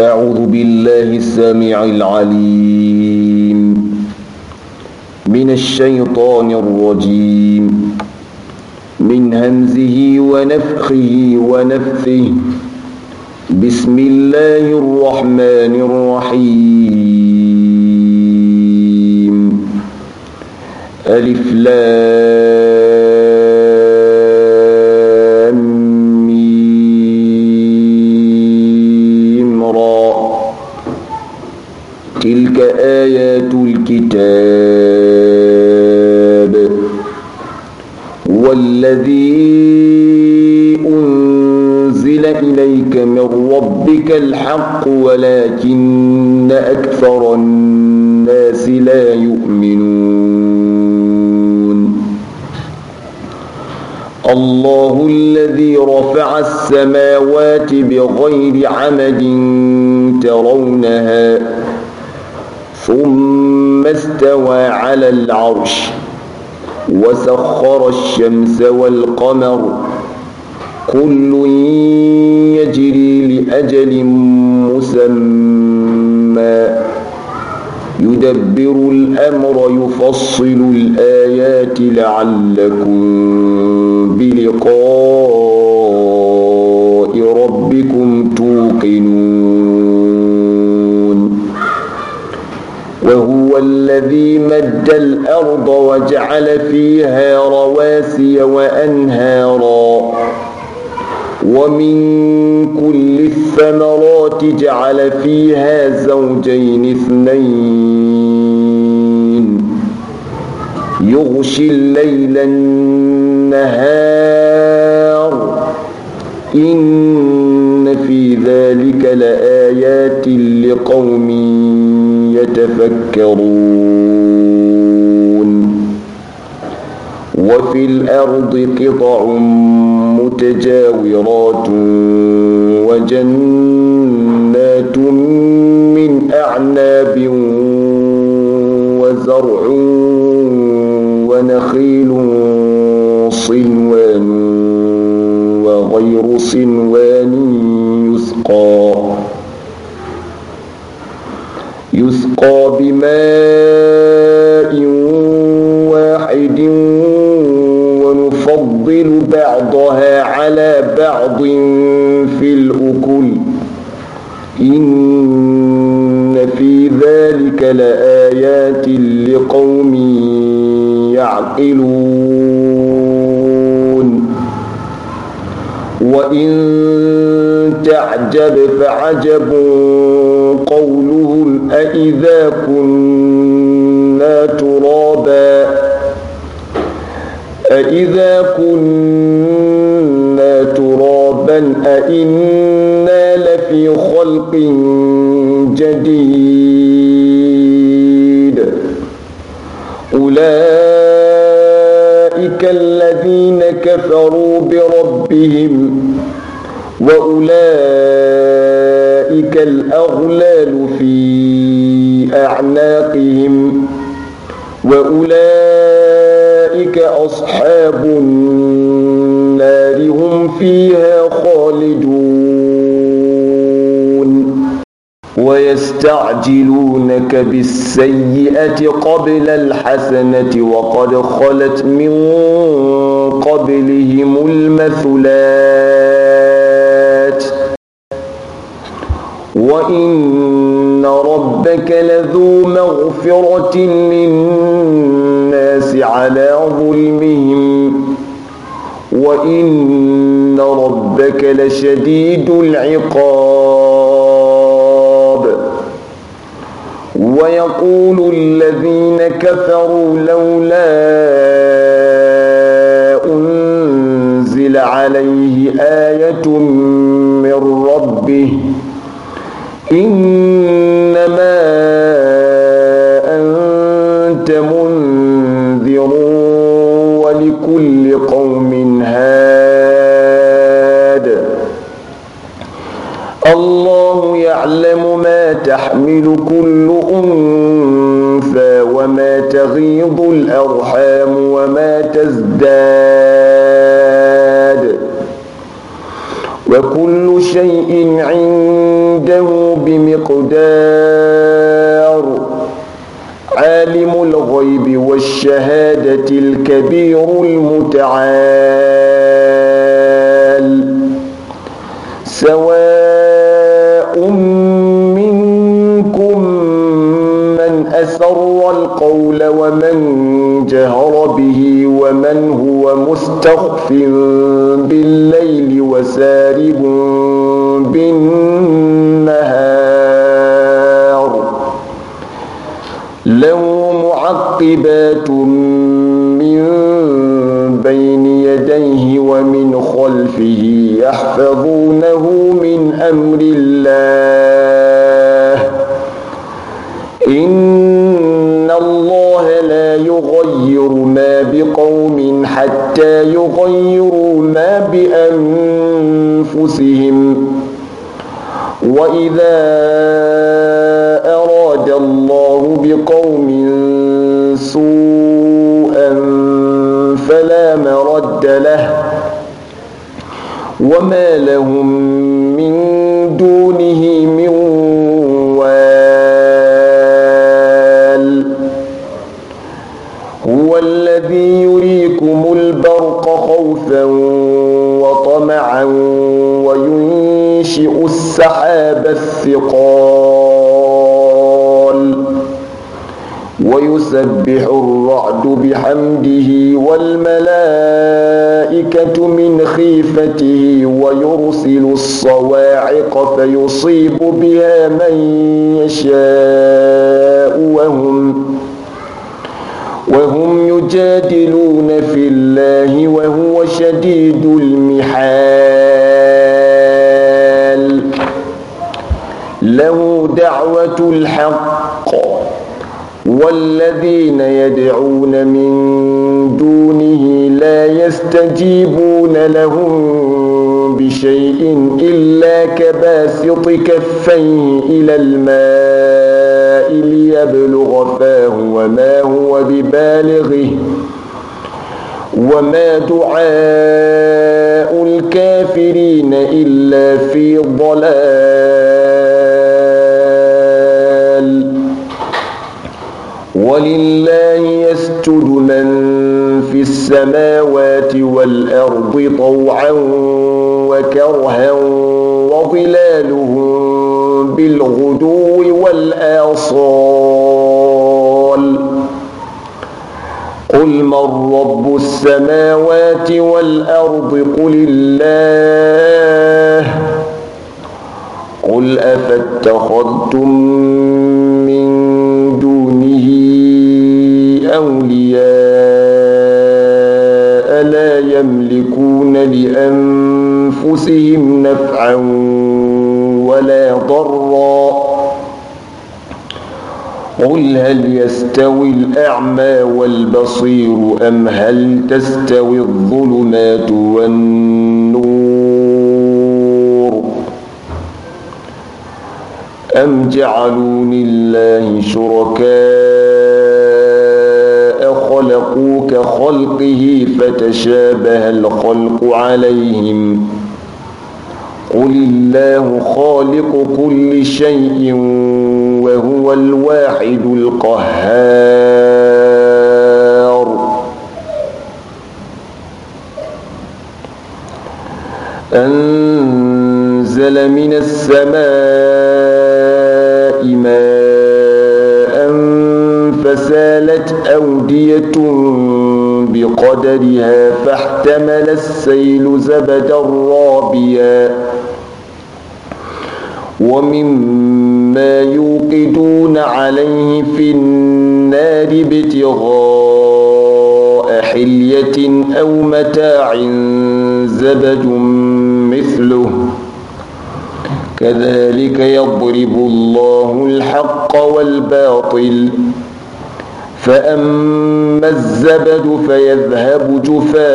أعوذ بالله السميع العليم من الشيطان الرجيم من همزه ونفخه ونفثه بسم الله الرحمن الرحيم ألف لام تلك آيات الكتاب والذي أنزل إليك من ربك الحق ولكن أكثر الناس لا يؤمنون الله الذي رفع السماوات بغير عمد ترونها ثم استوى على العرش وسخر الشمس والقمر كل يجري لأجل مسمى يدبر الأمر يفصل الآيات لعلكم بلقاء الذي مد الأرض وجعل فيها رواسي وأنهارا ومن كل الثمرات جعل فيها زوجين اثنين يغشي الليل النهار إن في ذلك لآيات لقوم يتفكرون وفي الأرض قطع متجاورات وجنات من أعناب وزرع ونخيل صنوان وغير صنوان يسقى يسقى بماء واحد ونفضل بعضها على بعض في الأكل إن في ذلك لآيات لقوم يعقلون وإن تعجب فعجب قولهم أإذا كنا ترابا أإذا كنا ترابا أإنا لفي خلق جديد أولئك الذين كفروا أولئك أصحاب النار هم فيها خالدون ويستعجلونك بالسيئة قبل الحسنة وقد خلت من قبلهم المثلات وإن ربك لذو مغفرة للناس على ظلمهم وإن ربك لشديد العقاب ويقول الذين كفروا لولا أنزل عليه آية من ربه إن يعلم ما تحمل كل أنثى وما تغيض الأرحام وما تزداد وكل شيء عنده بمقدار عالم الغيب والشهادة الكبير المتعال سواء أسر القول ومن جهر به ومن هو مستخف بالليل وسارب بالنهار له معقبات من بين يديه ومن خلفه يحفظونه من أمر إن الله لا يغير ما بقوم حتى يغيروا ما بأنفسهم وإذا أراد الله بقوم سوءا فلا مرد له وما لهم هو الذي يريكم البرق خوفا وطمعا وينشئ السحاب الثقال ويسبح الرعد بحمده والملائكة من خيفته ويرسل الصواعق فيصيب بها من يشاء وهم وهم يجادلون في الله وهو شديد المحال له دعوة الحق والذين يدعون من دونه لا يستجيبون لهم بشيء إلا كباسط كفيه إلى الماء ليبلغ فاه وما هو ببالغه وما دعاء الكافرين إلا في ضلال ولله يسجد من في السماوات والأرض طوعا وكرها وظلالهم بالغدو والآصال قل من رب السماوات والأرض قل الله قل أفاتخذتم من دونه أولياء لا يملكون لأنفسهم أنفسهم نفعا ولا ضرا قل هل يستوي الأعمى والبصير أم هل تستوي الظلمات والنور أم جعلوا لله شركاء خلقوا كخلقه فتشابه الخلق عليهم قل الله خالق كل شيء وهو الواحد القهار أنزل من السماء ماء فسالت أودية بقدرها فاحتمل السيل زبدا رابيا ومما يوقدون عليه في النار ابتغاء حلية أو متاع زبد مثله كذلك يضرب الله الحق والباطل فأما الزبد فيذهب جفاء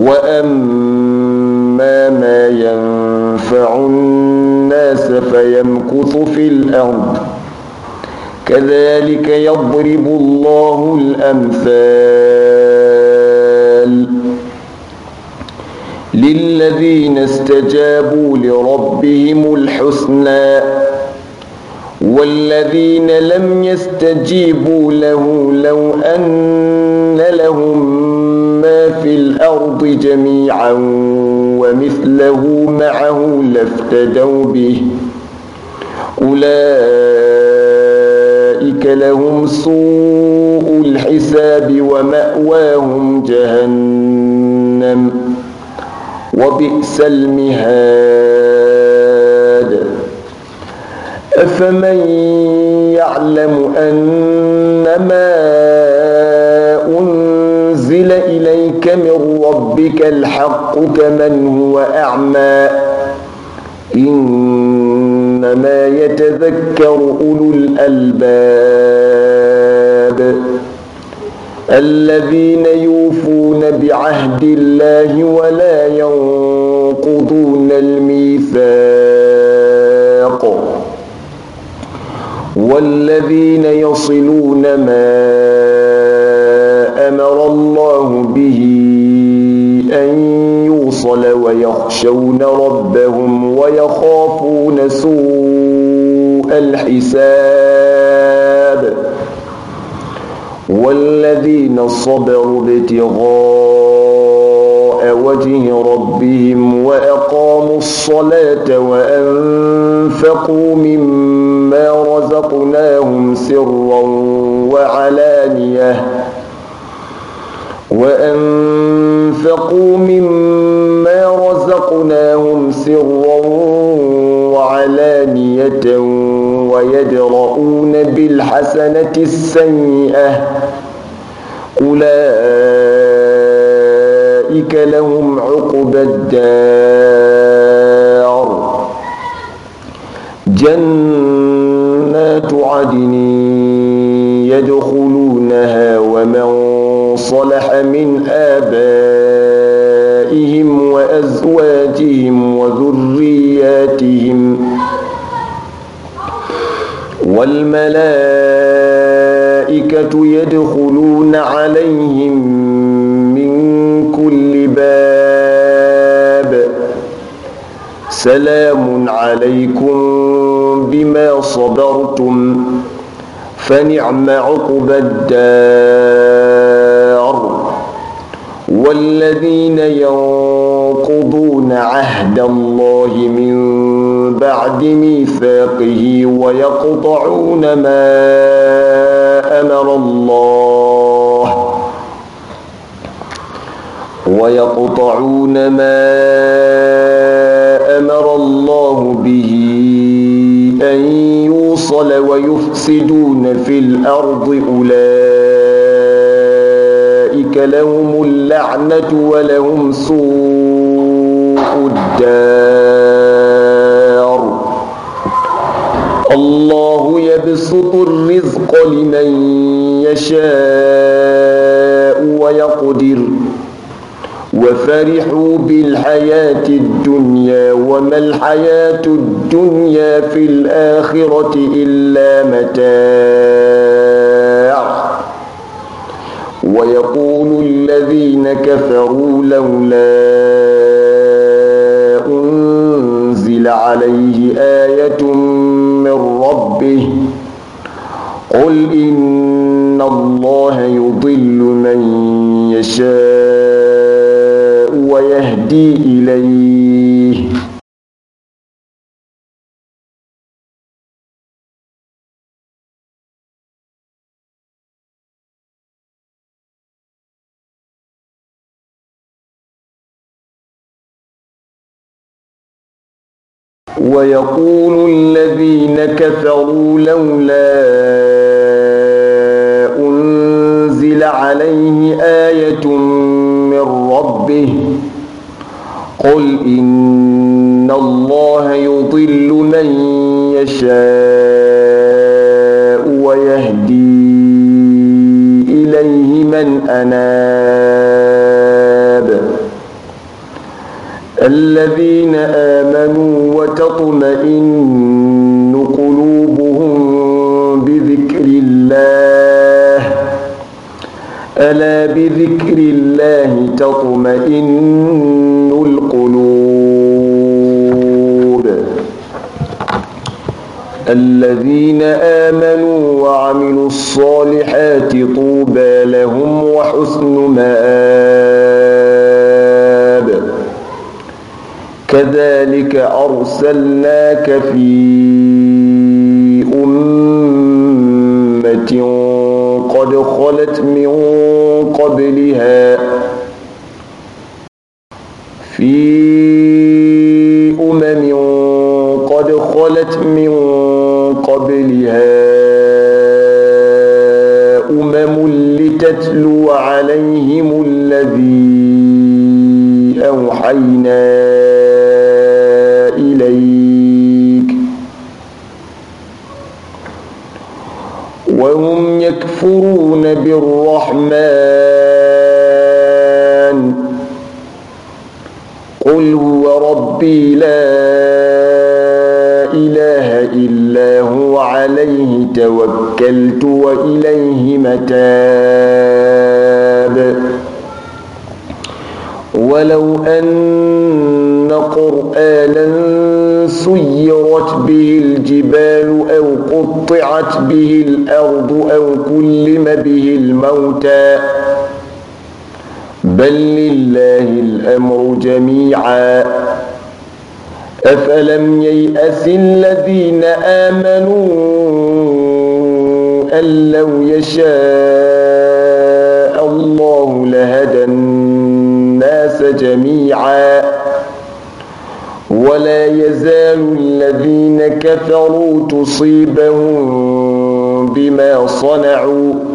وأما ما ينفع الناس فيمكث في الأرض كذلك يضرب الله الأمثال للذين استجابوا لربهم الحسنى والذين لم يستجيبوا له لو أن لهم ما في الأرض جميعا ومثله معه لافتدوا به أولئك لهم سوء الحساب ومأواهم جهنم وبئس المهاد أفمن يعلم أنما أنزل إليك من ربك الحق كمن هو أعمى إنما يتذكر أولو الألباب الذين يوفون بعهد الله ولا ينقضون الميثاق والذين يصلون ما أمر الله به أن يوصل ويخشون ربهم ويخافون سوء الحساب والذين صبروا ابتغاء وجه ربهم وأقاموا الصلاة وأنفقوا مما رزقناهم سرا وعلانية وأنفقوا مما رزقناهم سرا وعلانية ويدرؤون بالحسنة السيئة أولئك أولئك لهم عقبى الدار جنات عدن يدخلونها ومن صلح من آبائهم وأزواجهم وذرياتهم والملائكة يدخلون عليهم سلام عليكم بما صبرتم فنعم عقب الدار والذين ينقضون عهد الله من بعد ميثاقه ويقطعون ما أمر الله ويقطعون ما الوصل ويفسدون في الأرض أولئك لهم اللعنة ولهم سوء الدار الله يبسط الرزق لمن يشاء ويقدر وفرحوا بالحياة الدنيا وما الحياة الدنيا في الآخرة إلا متاع ويقول الذين كفروا لولا أنزل عليه آية من ربه قل إن الله ويقول الذين كفروا لولا أنزل عليه آية من ربه قل إن الله يضل من يشاء ويهدي إليه من أناب الذين آمنوا تطمئن قلوبهم بذكر الله ألا بذكر الله تطمئن القلوب الذين آمنوا وعملوا الصالحات طوبى لهم وحسن مآب كذلك أرسلناك في أمة قد خلت من قبلها في أمم قد خلت من قبلها أمم لتتلو عليهم الذي أوحينا وهم يكفرون بالرحمن قل هو ربي لا إله إلا هو عليه توكلت وإليه متاب ولو أن قرآنا سيرت به الجبال أو قطعت به الأرض أو كلم به الموتى بل لله الأمر جميعا أفلم ييأس الذين آمنوا أن لو يشاء الله لهدى الناس جميعا ولا يزال الذين كفروا تصيبهم بما صنعوا